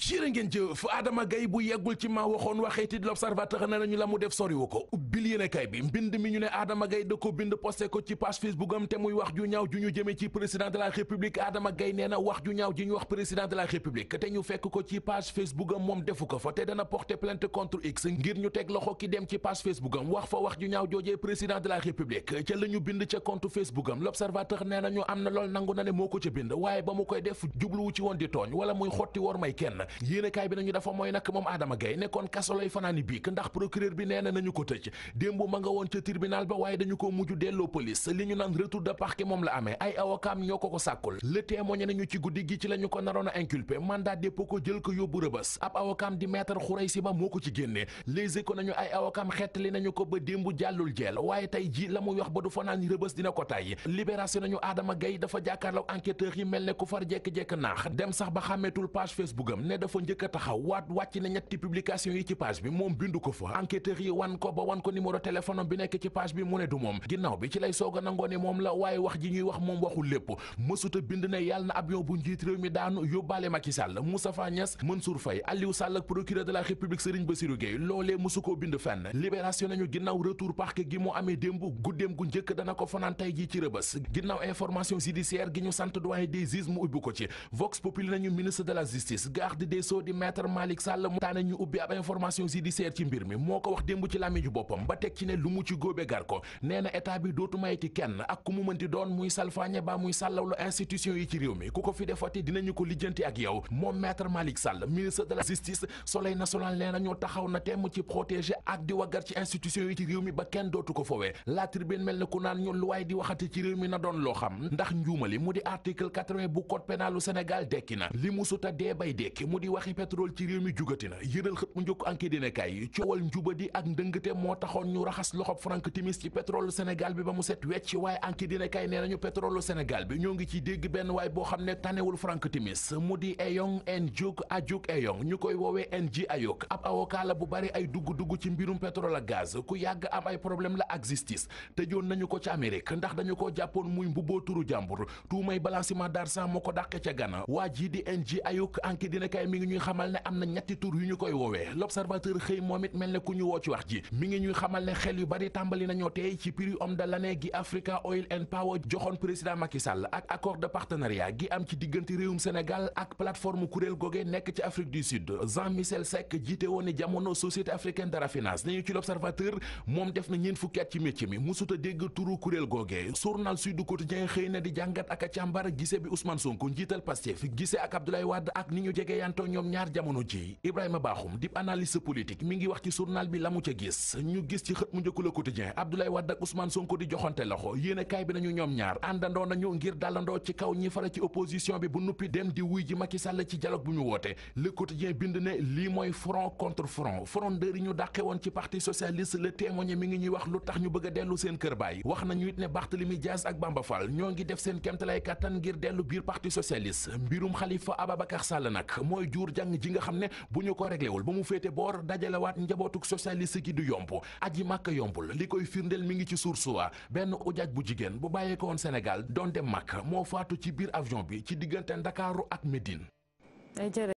jërë ngeen jëf Adama Gaye bu yeggul ci maa waxoon waxeeti l'observateur ne nañu la mu def soriwu ko ubbil yéenekaay bi mbind mi ñu ne Adama Gaye da ko bind posté ko ci page Facebook am te muy wax ju ñaaw ju ñu jëmee ci président de la république Adama Gaye nee na wax ju ñaaw ji ñu wax président de la république te ñu fekk ko ci page Facebook am moom defu ko fa te dana porter plainte contre X ngir ñu teg loxo ki dem ci page Facebook am wax fa wax ju ñaaw joo président de ñu bind ca compte Facebook am l'observateur lool nangu na moo ko waaye ba mu koy def jubluwu ci woon di tooñ wala muy xotti wor may kenn yéenekaay bi nañu dafa mooy nag moom Adama Gaye nekkoon kaso fanaani biik ndax procureur bi nee na nañu ko tëj démb ma nga woon ca tribunal ba waaye dañu ko mujj delloo police li ñu naan retour de parquet moom la amee ay awokaam ñoo ko ko sàkkul le témoigné nañu ci guddi gi ci la ko naroon a inculpé mandat ko jël ko yóbbu rëbës ab awokaam di maître Khoureysi Ba moo ko ci génnee les échos nañu ay awokaam xettali nañu ko ba démb jàllul dafa njëkk a taxaw waat wàcc na ñetti publication yi ci page bi moom bindu ko fa enquêteurs yi wan ko ba wan ko numéro téléphone bi nekk ci page bi mu ne du moom ginnaaw bi ci lay soog a nangoo ni moom la waaye wax ji ñuy wax moom waxul lépp mësuta bind ne yàlla na avion bu njiit réew mi daanu yóbbaale Macky Sall Moustapha Niass Mansour Faye Aliou Sall ak procureur de la République Serigne Bassirou Gueye loolee mësu koo bind fenn libération nañu ginnaaw retour parquet de Sceaux di maître Malick Sall mu taane ñu ubbi ab information judiciaire ci mbir mi moo ko wax démb ci làmmiñu boppam ba teg ci ne lu mu ci góobe gar ko nee na bi dootu mayeti kenn ak ku mu mënti doon muy salfaañe ba muy sàllawlu institution yi ci réew mi ku ko fi defati dinañu ko lijjanti ak yow moom maître Malick Sall ministre de la justice soleil national nee na ñoo taxaw na temm ci protéger ak di waggar ci institution yi ci réew mi kenn dootu ko fowee la tribune mel na ku naan doon loo xam ndax njuumali mu di article 80 bu code pénal u Sénégal dekki na li mu suta dee bay di waxi pétrole ci réew mi jugati na yëral xët mu njëkk enquête dina kay coowal njubadi ak ndëngate moo taxoon ñu raxas loxob Frank Timis ci pétrole Sénégal bi ba mu set wecc waaye enquête dina kay nee nañu pétrole Sénégal bi ñoo ngi ci dégg benn waay boo xam ne tanewul Frank Timis mu di Eyong N'Diouk Adjouk Eyong ñu koy woowe woowee NG Ayok ab avocat la bu bari ay dugg-dugg ci mbirum pétrole ak gaz ku yàgg am ay problème la ak justice tëjoon nañu ko ci Amérique ndax dañu ko jàppoon muy mbubboo turu jàmbur tuumay balancement d'argent moo ko dàqe ca Ghana waa ji di NG Ayok enquête dina kay mi ngi ñuy xamal ne am na ñetti tur yu ñu koy woowee l'observateur xëy moom it mel ne ku ñu woo ci wax ji mi ngi ñuy xamal ne xel yu bari tàmbali nañoo tey ci prix homme de gi Africa Oil and Power joxoon président Macky Sall ak accord de partenariat gi am ci diggante réewum Sénégal ak plateforme kuréel goge nekk ci Afrique du Sud Jean Michel Seck jiite woon ni jamono société africaine de raffinage nañu ci l'observateur moom def na ñeen fukki at ci métier mi musuta dégg turu kuréel goge journal Sud Quotidien xëy na di jàngat ak a càmbar gise bi Ousmane Sonko njiital werantoo ñoom ñaar jamono ji Ibrahima Bakhoum dib analyste politique mi ngi wax ci journal bi la mu ca gis ñu gis ci xët mu njëkku Le Quotidien Abdoulaye Wade ak Ousmane Sonko di joxante loxo yéenekaay bi nañu ñoom ñaar àndandoo nañu ngir dalandoo ci kaw ñi fara ci opposition bi bu nuppi dem di wuy ji Macky Sall ci dialogue bu ñu woote Le Quotidien bind ne lii mooy front contre front frondeur yi ñu dàqe woon ci parti socialiste Le Témoin mi ngi ñuy wax lu tax ñu a dellu seen kër baay wax nañu it ne Barthélemy Dias ak Bamba Fall ñoo ngi def seen mooy jur jàng ji nga xam ne bu ñu ko réglewul ba mu féete boor dajalewaat njabootuk socialiste gi du yomb aji màkk yombul li koy firndeel mi ngi ci suur sursuwa benn ujaaj bu jigéen bu bàyyeeko woon donte doon màkk moo faatu ci biir avion bi ci diggante Ndakaaru ak Médine